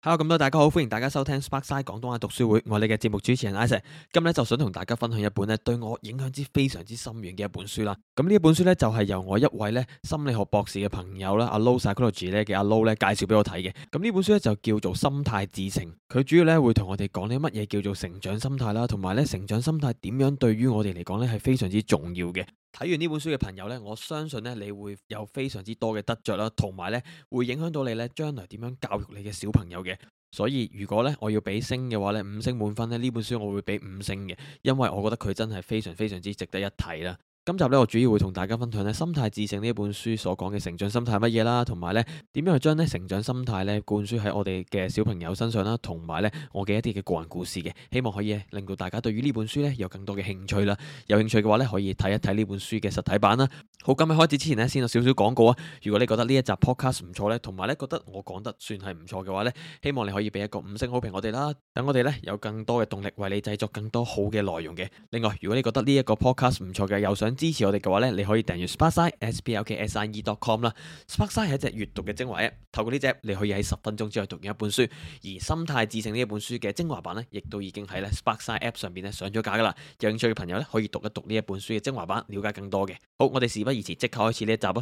Hello 咁多大家好，歡迎大家收聽 Sparkside 廣東話讀書會，我係你嘅節目主持人 Isaac，今日咧就想同大家分享一本咧對我影響之非常之深遠嘅一本書啦。咁呢本書咧就係由我一位咧心理學博士嘅朋友啦，阿 Low psychology 咧嘅阿 Low 咧介紹俾我睇嘅。咁呢本書咧就叫做《心態致勝》，佢主要咧會同我哋講啲乜嘢叫做成長心態啦，同埋咧成長心態點樣對於我哋嚟講咧係非常之重要嘅。睇完呢本書嘅朋友呢，我相信呢，你會有非常之多嘅得着啦，同埋呢，會影響到你呢將來點樣教育你嘅小朋友嘅。所以如果呢，我要俾星嘅話呢，五星滿分呢，呢本書我會俾五星嘅，因為我覺得佢真係非常非常之值得一睇啦。今集咧，我主要會同大家分享咧，《心態致勝》呢一本書所講嘅成長心態乜嘢啦，同埋咧，點樣去將咧成長心態咧灌輸喺我哋嘅小朋友身上啦，同埋咧我嘅一啲嘅個人故事嘅，希望可以令到大家對於呢本書咧有更多嘅興趣啦。有興趣嘅話咧，可以睇一睇呢本書嘅實體版啦。好，今日開始之前咧，先有少少廣告啊。如果你覺得呢一集 podcast 唔錯咧，同埋咧覺得我講得算係唔錯嘅話咧，希望你可以俾一個五星好評我哋啦，等我哋咧有更多嘅動力為你製作更多好嘅內容嘅。另外，如果你覺得呢一個 podcast 唔錯嘅，又想支持我哋嘅話咧，你可以訂閱 Sparkside s p l k s i e dot com 啦。Sparkside 係一隻閱讀嘅精華 app，透過呢隻你可以喺十分鐘之內讀完一本書。而《心態致勝》呢一本書嘅精華版咧，亦都已經喺咧 Sparkside app 上邊咧上咗架噶啦。有興趣嘅朋友咧，可以讀一讀呢一本書嘅精華版，了解更多嘅。好，我哋事不宜遲，即刻開始呢一集啊！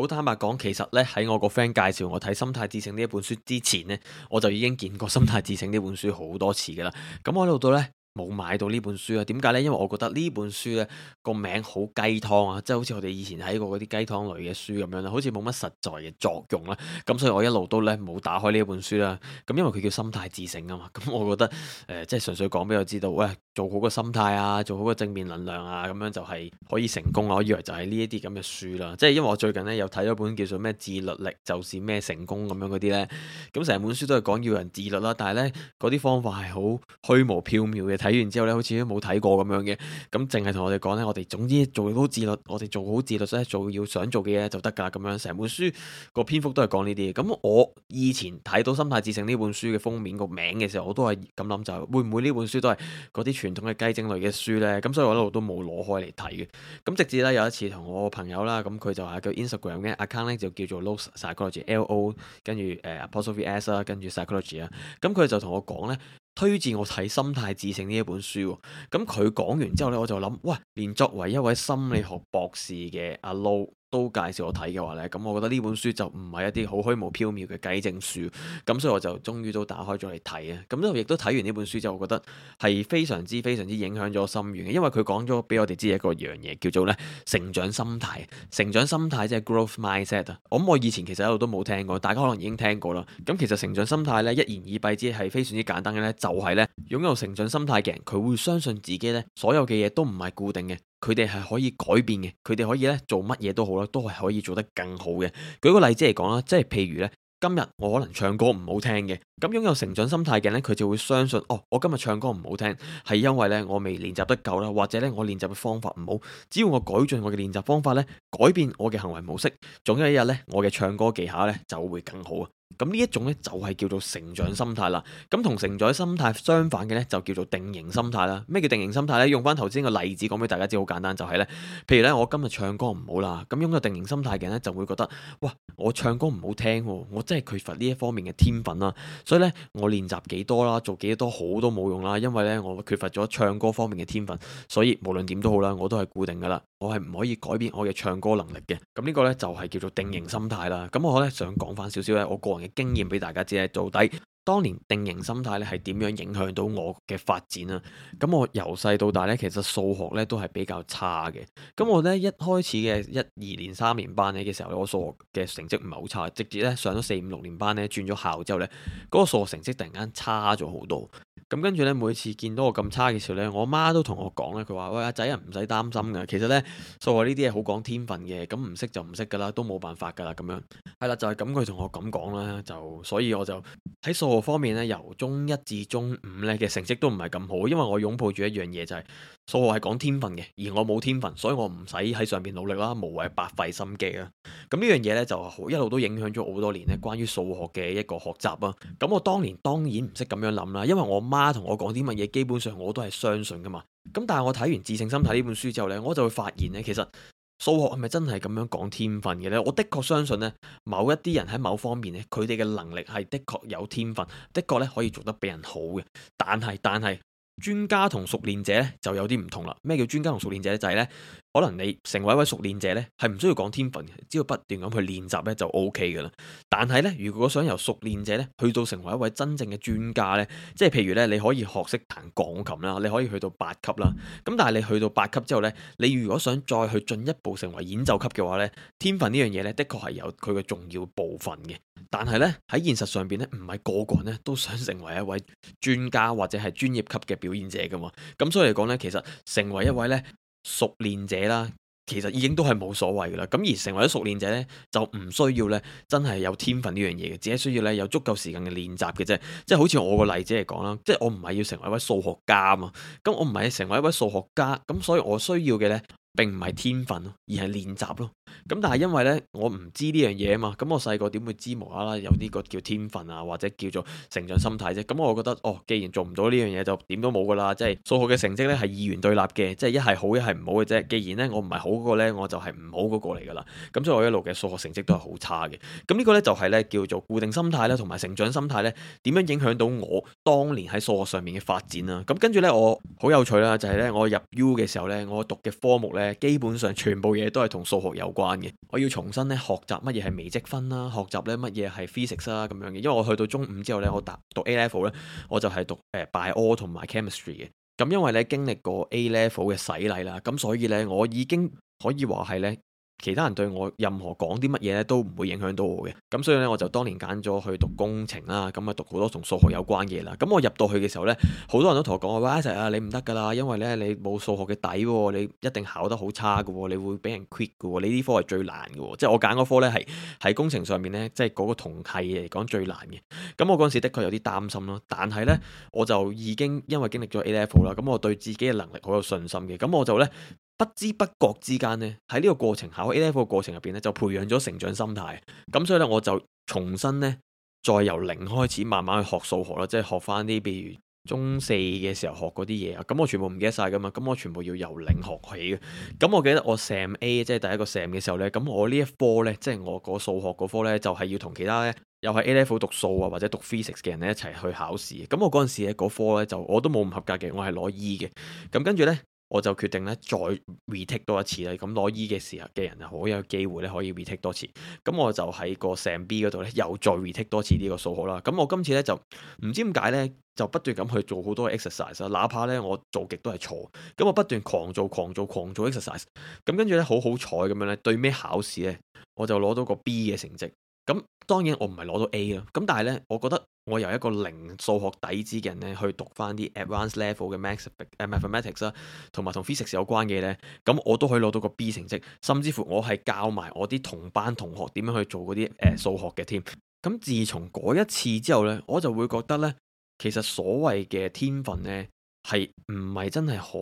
好坦白講，其實咧喺我個 friend 介紹我睇《心態自省》呢一本書之前咧，我就已經見過《心態自省》呢本書好多次嘅啦。咁我一路都咧冇買到呢本書啊？點解呢？因為我覺得呢本書咧個名好雞湯啊，即係好似我哋以前睇過嗰啲雞湯類嘅書咁樣啦，好似冇乜實在嘅作用啦。咁所以我一路都咧冇打開呢一本書啦。咁因為佢叫《心態自省》啊嘛，咁、嗯、我覺得誒、呃、即係純粹講俾我知道，喂。做好個心態啊，做好個正面能量啊，咁樣就係可以成功。我以為就係呢一啲咁嘅書啦。即係因為我最近呢，有睇咗本叫做咩自律力就是咩成功咁樣嗰啲呢。咁成本書都係講要人自律啦、啊。但係呢嗰啲方法係好虛無縹緲嘅。睇完之後呢，好似都冇睇過咁樣嘅。咁淨係同我哋講呢，我哋總之做好自律，我哋做好自律，所以做要想做嘅嘢就得㗎啦。咁樣成本書個篇幅都係講呢啲嘅。咁我以前睇到《心態致勝》呢本書嘅封面個名嘅時候，我都係咁諗，就係會唔會呢本書都係嗰啲傳。傳統嘅雞精類嘅書呢，咁所以我一路都冇攞開嚟睇嘅。咁直至咧有一次同我朋友啦，咁佢就喺個 Instagram 嘅 account 呢，就叫做 Lose Psychology, L O，跟住誒、uh, Positive S 啦，跟住 Psychology 啦。咁佢就同我講呢，推薦我睇《心態致勝》呢一本書。咁佢講完之後呢，我就諗，喂，連作為一位心理學博士嘅阿 Lo。都介紹我睇嘅話呢，咁我覺得呢本書就唔係一啲好虛無縹緲嘅計證書，咁所以我就終於都打開咗嚟睇啊！咁都亦都睇完呢本書之後，我覺得係非常之非常之影響咗我心願嘅，因為佢講咗俾我哋知一個樣嘢，叫做呢成長心態。成長心態即係 growth mindset 啊！我諗我以前其實一路都冇聽過，大家可能已經聽過啦。咁其實成長心態呢，一言以蔽之係非常之簡單嘅呢就係呢，擁有成長心態嘅人，佢會相信自己呢所有嘅嘢都唔係固定嘅。佢哋係可以改變嘅，佢哋可以呢做乜嘢都好啦，都係可以做得更好嘅。舉個例子嚟講啦，即係譬如呢，今日我可能唱歌唔好聽嘅，咁擁有成長心態嘅人呢，佢就會相信，哦，我今日唱歌唔好聽，係因為呢我未練習得夠啦，或者呢我練習嘅方法唔好，只要我改進我嘅練習方法呢，改變我嘅行為模式，總有一日呢，我嘅唱歌技巧呢就會更好啊！咁呢一種呢，就係叫做成長心態啦，咁同成長心態相反嘅呢，就叫做定型心態啦。咩叫定型心態呢？用翻頭先呢個例子講俾大家知，好簡單就係，呢。譬如呢，我今日唱歌唔好啦，咁擁有定型心態嘅呢，就會覺得，哇，我唱歌唔好聽，我真係缺乏呢一方面嘅天分啦，所以呢，我練習幾多啦，做幾多好都冇用啦，因為呢，我缺乏咗唱歌方面嘅天分，所以無論點都好啦，我都係固定噶啦。我係唔可以改變我嘅唱歌能力嘅，咁呢個呢，就係叫做定型心態啦。咁我呢，想講翻少少呢，我個人嘅經驗俾大家知呢，到底當年定型心態呢，係點樣影響到我嘅發展啦。咁我由細到大呢，其實數學呢都係比較差嘅。咁我呢，一開始嘅一二年，三年班呢嘅時候呢，我數學嘅成績唔係好差，直接呢上咗四五六年班呢，轉咗校之後呢，嗰個數學成績突然間差咗好多。咁跟住呢，每次見到我咁差嘅時候呢，我媽都同我講咧，佢話喂，阿仔啊，唔使擔心噶，其實呢，數學呢啲嘢好講天分嘅，咁唔識就唔識噶啦，都冇辦法噶啦，咁樣係啦，就係咁佢同我咁講啦，就所以我就喺數學方面呢，由中一至中五呢嘅成績都唔係咁好，因為我擁抱住一樣嘢就係、是。數學係講天分嘅，而我冇天分，所以我唔使喺上邊努力啦，無謂白費心機啦。咁呢樣嘢呢，就一路都影響咗好多年呢關於數學嘅一個學習啊。咁我當年當然唔識咁樣諗啦，因為我媽同我講啲乜嘢，基本上我都係相信噶嘛。咁但係我睇完《自性心態》呢本書之後呢，我就會發現呢，其實數學係咪真係咁樣講天分嘅呢？我的確相信呢，某一啲人喺某方面呢，佢哋嘅能力係的確有天分，的確呢可以做得比人好嘅。但係但係。專家同熟練者咧就有啲唔同啦。咩叫專家同熟練者咧就係呢？就是、可能你成為一位熟練者呢，係唔需要講天分嘅，只要不斷咁去練習呢，就 O K 噶啦。但係呢，如果想由熟練者呢去到成為一位真正嘅專家呢，即係譬如呢，你可以學識彈鋼琴啦，你可以去到八級啦。咁但係你去到八級之後呢，你如果想再去進一步成為演奏級嘅話呢，天分呢樣嘢呢，的確係有佢嘅重要部分嘅。但係咧喺現實上邊咧，唔係個個咧都想成為一位專家或者係專業級嘅表演者噶嘛。咁所以嚟講咧，其實成為一位咧熟練者啦，其實已經都係冇所謂噶啦。咁而成為咗熟練者咧，就唔需要咧真係有天分呢樣嘢嘅，只係需要咧有足夠時間嘅練習嘅啫。即係好似我個例子嚟講啦，即係我唔係要成為一位數學家嘛。咁我唔係成為一位數學家，咁所以我需要嘅咧，並唔係天分咯，而係練習咯。咁但係因為呢，我唔知呢樣嘢啊嘛，咁我細個點會知無啦啦有呢個叫天分啊，或者叫做成長心態啫？咁我覺得哦，既然做唔到呢樣嘢，就點都冇噶啦，即係數學嘅成績呢，係二元對立嘅，即係一係好一係唔好嘅啫。既然呢，我唔係好嗰個呢，我就係唔好嗰個嚟噶啦。咁所以我一路嘅數學成績都係好差嘅。咁呢個呢，就係呢叫做固定心態啦，同埋成長心態呢點樣影響到我當年喺數學上面嘅發展啊。咁跟住呢，我好有趣啦，就係呢，我入 U 嘅時候呢，我讀嘅科目呢，基本上全部嘢都係同數學有關。我要重新咧學習乜嘢係微積分啦，學習咧乜嘢係 physics 啦、啊、咁樣嘅，因為我去到中五之後咧，我答讀 A level 咧，我就係讀誒 bio 同埋 chemistry 嘅。咁因為咧經歷過 A level 嘅洗禮啦，咁所以咧我已經可以話，係咧。其他人對我任何講啲乜嘢咧，都唔會影響到我嘅。咁所以咧，我就當年揀咗去讀工程啦。咁啊，讀好多同數學有關嘅嘢啦。咁我入到去嘅時候咧，好多人都同我講喂，阿 Sir 啊，你唔得噶啦，因為咧你冇數學嘅底，你一定考得好差噶，你會俾人 quit 噶。你呢科系最難噶，即係我揀嗰科咧係喺工程上面咧，即係嗰個同系嚟講最難嘅。咁我嗰陣時的確有啲擔心咯，但係咧我就已經因為經歷咗 A Level 啦，咁我對自己嘅能力好有信心嘅。咁我就咧。不知不覺之間呢，喺呢個過程考 A level 個過程入邊呢，就培養咗成長心態。咁所以咧，我就重新呢，再由零開始，慢慢去學數學啦，即係學翻啲，譬如中四嘅時候學嗰啲嘢啊。咁我全部唔記得晒噶嘛，咁我全部要由零學起嘅。咁我記得我 sam a 即係第一個 sam 嘅時候呢。咁我呢一科呢，即係我個數學嗰科呢，就係、是、要同其他咧，又係 A level 讀數啊或者讀 Physics 嘅人咧一齊去考試。咁我嗰陣時咧，嗰科呢，就我都冇唔合格嘅，我係攞 E 嘅。咁跟住呢。我就決定咧再 retake 多一次啦，咁攞 E 嘅時候嘅人啊，好有機會咧可以 retake 多次。咁我就喺個成 B 嗰度咧，又再 retake 多次呢個數號啦。咁我今次咧就唔知點解咧，就不斷咁去做好多 exercise 啦，哪怕咧我做極都係錯，咁我不斷狂做狂做狂做 exercise。咁跟住咧好好彩咁樣咧，對咩考試咧，我就攞到個 B 嘅成績。咁當然我唔係攞到 A 咯，咁但係呢，我覺得我由一個零數學底子嘅人咧，去讀返啲 Advanced Level 嘅 Mathematics 啦、啊，同埋同 Physics 有關嘅呢。咁我都可以攞到個 B 成績，甚至乎我係教埋我啲同班同學點樣去做嗰啲誒數學嘅添。咁自從嗰一次之後呢，我就會覺得呢，其實所謂嘅天分呢。係唔係真係好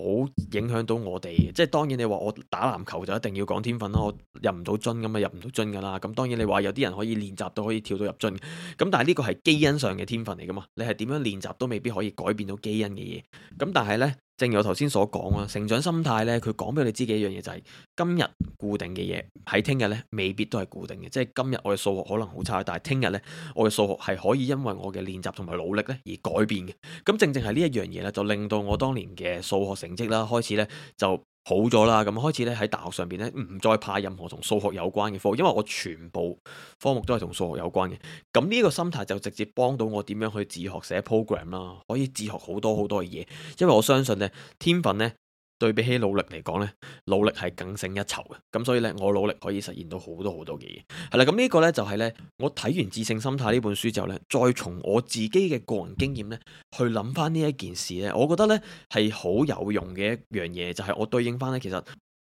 影響到我哋嘅？即係當然你話我打籃球就一定要講天分囉，我入唔到樽咁啊，入唔到樽噶啦。咁當然你話有啲人可以練習到可以跳到入樽，咁但係呢個係基因上嘅天分嚟噶嘛？你係點樣練習都未必可以改變到基因嘅嘢。咁但係呢。正如我頭先所講啊，成長心態呢，佢講俾你知嘅一樣嘢就係：今日固定嘅嘢，喺聽日呢未必都係固定嘅。即係今日我嘅數學可能好差，但係聽日呢，我嘅數學係可以因為我嘅練習同埋努力呢而改變嘅。咁正正係呢一樣嘢呢，就令到我當年嘅數學成績啦，開始呢就。好咗啦，咁開始咧喺大學上邊咧唔再怕任何同數學有關嘅科，因為我全部科目都係同數學有關嘅。咁呢個心態就直接幫到我點樣去自學寫 program 啦，可以自學好多好多嘅嘢，因為我相信咧天分咧，對比起努力嚟講呢努力係更勝一籌嘅，咁所以呢，我努力可以實現到好多好多嘅嘢，係啦，咁、這、呢個呢，就係呢我睇完《自勝心態》呢本書之後呢再從我自己嘅個人經驗呢去諗翻呢一件事呢我覺得呢係好有用嘅一樣嘢，就係、是、我對應翻呢其實。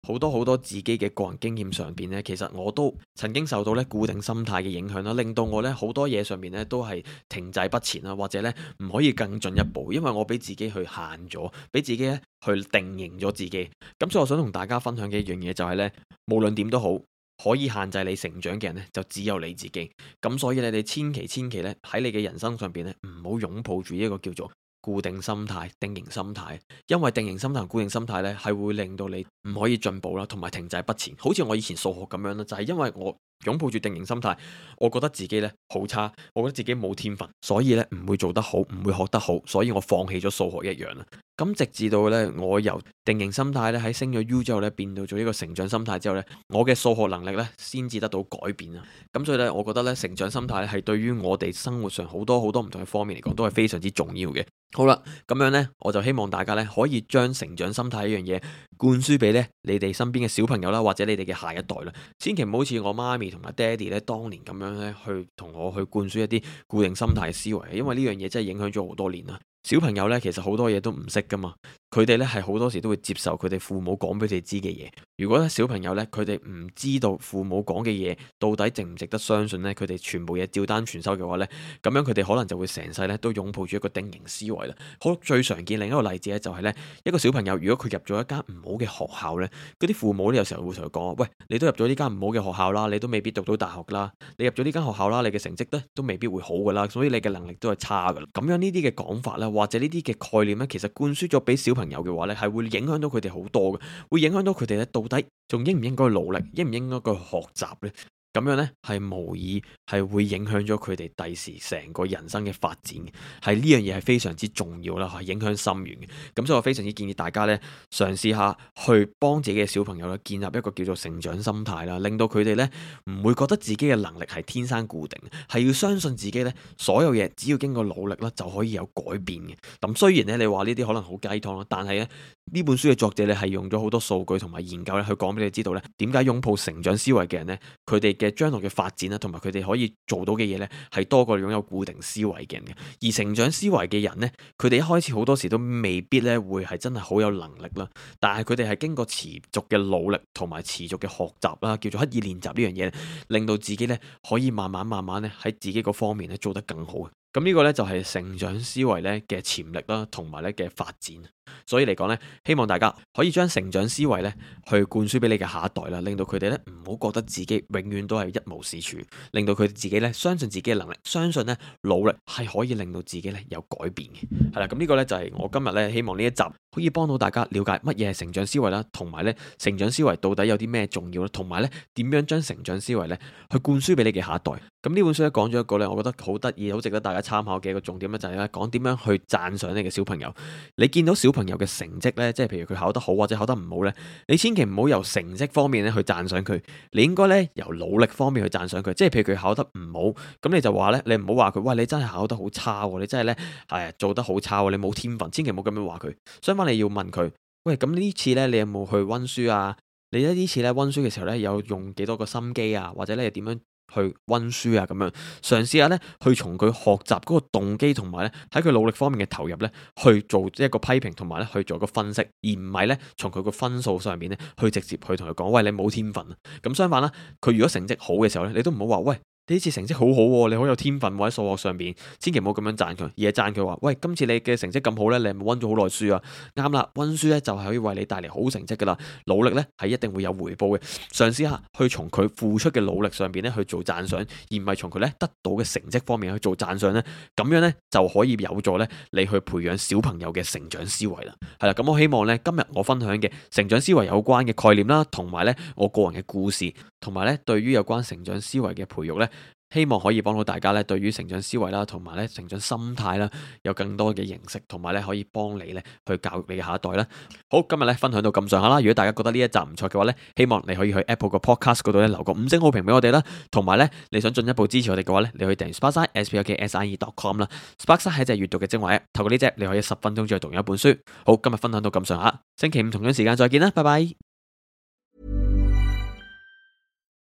好多好多自己嘅個人經驗上邊呢，其實我都曾經受到咧固定心態嘅影響啦，令到我咧好多嘢上邊咧都係停滯不前啊，或者咧唔可以更進一步，因為我俾自己去限咗，俾自己咧去定型咗自己。咁所以我想同大家分享嘅一樣嘢就係呢：無論點都好，可以限制你成長嘅人呢，就只有你自己。咁所以你哋千祈千祈呢，喺你嘅人生上邊呢，唔好擁抱住一個叫做。固定心態定型心態，因為定型心態同固定心態咧，係會令到你唔可以進步啦，同埋停滯不前。好似我以前數學咁樣啦，就係因為我。擁抱住定型心態，我覺得自己呢好差，我覺得自己冇天分，所以呢唔會做得好，唔會學得好，所以我放棄咗數學一樣啦。咁直至到呢，我由定型心態呢喺升咗 U 之後呢，變到咗呢個成長心態之後呢，我嘅數學能力呢先至得到改變啊！咁所以呢，我覺得呢成長心態係對於我哋生活上好多好多唔同嘅方面嚟講都係非常之重要嘅。好啦，咁樣呢，我就希望大家呢可以將成長心態呢樣嘢。灌輸俾呢你哋身邊嘅小朋友啦，或者你哋嘅下一代啦，千祈唔好似我媽咪同埋爹哋呢，當年咁樣呢去同我去灌輸一啲固定心態嘅思維，因為呢樣嘢真係影響咗好多年啦。小朋友呢，其實好多嘢都唔識噶嘛。佢哋咧係好多時都會接受佢哋父母講俾佢哋知嘅嘢。如果咧小朋友咧佢哋唔知道父母講嘅嘢到底值唔值得相信咧，佢哋全部嘢照單全收嘅話咧，咁樣佢哋可能就會成世咧都擁抱住一個定型思維啦。好，最常見另一個例子咧就係咧一個小朋友如果佢入咗一間唔好嘅學校咧，嗰啲父母咧有時候會同佢講：喂，你都入咗呢間唔好嘅學校啦，你都未必讀到大學啦，你入咗呢間學校啦，你嘅成績咧都未必會好噶啦，所以你嘅能力都係差噶啦。咁樣呢啲嘅講法咧，或者呢啲嘅概念咧，其實灌輸咗俾小朋友朋友嘅話咧，係會影響到佢哋好多嘅，會影響到佢哋咧，到底仲應唔應該努力，應唔應該去學習咧？咁樣呢，係無疑係會影響咗佢哋第時成個人生嘅發展，係呢樣嘢係非常之重要啦，係影響深遠嘅。咁所以我非常之建議大家呢，嘗試下去幫自己嘅小朋友呢，建立一個叫做成長心態啦，令到佢哋呢唔會覺得自己嘅能力係天生固定，係要相信自己呢所有嘢只要經過努力啦，就可以有改變嘅。咁雖然呢，你話呢啲可能好雞湯啦，但係呢呢本書嘅作者呢，係用咗好多數據同埋研究呢，去講俾你知道呢點解擁抱成長思維嘅人呢，佢哋嘅將來嘅發展啦，同埋佢哋可以做到嘅嘢咧，係多過擁有固定思維嘅人嘅。而成長思維嘅人咧，佢哋一開始好多時都未必咧會係真係好有能力啦。但係佢哋係經過持續嘅努力同埋持續嘅學習啦，叫做刻意練習呢樣嘢，令到自己咧可以慢慢慢慢咧喺自己嗰方面咧做得更好嘅。咁呢個呢，就係、是、成長思維咧嘅潛力啦，同埋咧嘅發展。所以嚟講呢，希望大家可以將成長思維呢，去灌輸俾你嘅下一代啦，令到佢哋呢唔好覺得自己永遠都係一無是處，令到佢自己呢相信自己嘅能力，相信呢努力係可以令到自己呢有改變嘅。係啦，咁呢個呢就係我今日呢希望呢一集可以幫到大家了解乜嘢係成長思維啦，同埋呢成長思維到底有啲咩重要啦，同埋呢點樣將成長思維呢去灌輸俾你嘅下一代。咁呢本書呢講咗一個呢我覺得好得意，好值得大家參考嘅一個重點呢就係呢講點樣去讚賞你嘅小朋友，你見到小朋友嘅成績呢，即係譬如佢考得好或者考得唔好呢，你千祈唔好由成績方面咧去讚賞佢，你應該呢，由努力方面去讚賞佢。即係譬如佢考得唔好，咁你就話呢，你唔好話佢，喂，你真係考得好差，你真係呢，係啊做得好差，你冇天分，千祈唔好咁樣話佢。相反你要問佢，喂，咁呢次呢，你有冇去溫書啊？你呢次呢，溫書嘅時候呢，有用幾多個心機啊？或者你係點樣？去溫書啊，咁樣嘗試下呢，去從佢學習嗰個動機同埋呢喺佢努力方面嘅投入呢，去做一個批評同埋呢去做一個分析，而唔係呢從佢個分數上面呢，去直接去同佢講，喂，你冇天分啊。咁相反啦，佢如果成績好嘅時候呢，你都唔好話喂。呢次成績好好喎，你好有天分，哦，喎喺數學上邊，千祈唔好咁樣讚佢，而係讚佢話：，喂，今次你嘅成績咁好呢，你係咪溫咗好耐書啊？啱啦，溫書呢就係可以為你帶嚟好成績噶啦，努力呢係一定會有回報嘅。嘗試下去從佢付出嘅努力上邊呢去做讚賞，而唔係從佢呢得到嘅成績方面去做讚賞呢。咁樣呢就可以有助呢你去培養小朋友嘅成長思維啦。係啦，咁我希望呢今日我分享嘅成長思維有關嘅概念啦，同埋呢我個人嘅故事。同埋咧，對於有關成長思維嘅培育咧，希望可以幫到大家咧。對於成長思維啦，同埋咧成長心態啦，有更多嘅認識，同埋咧可以幫你咧去教育你嘅下一代啦。好，今日咧分享到咁上下啦。如果大家覺得呢一集唔錯嘅話咧，希望你可以去 Apple 個 Podcast 度咧留個五星好評俾我哋啦。同埋咧，你想進一步支持我哋嘅話咧，你可以訂閱 SparkSine, s p a r k s i n e dot com 啦。SparkSine 係一隻閲讀嘅精華 App，透過呢隻你可以十分鐘再讀一本書。好，今日分享到咁上下，星期五同樣時間再見啦，拜拜。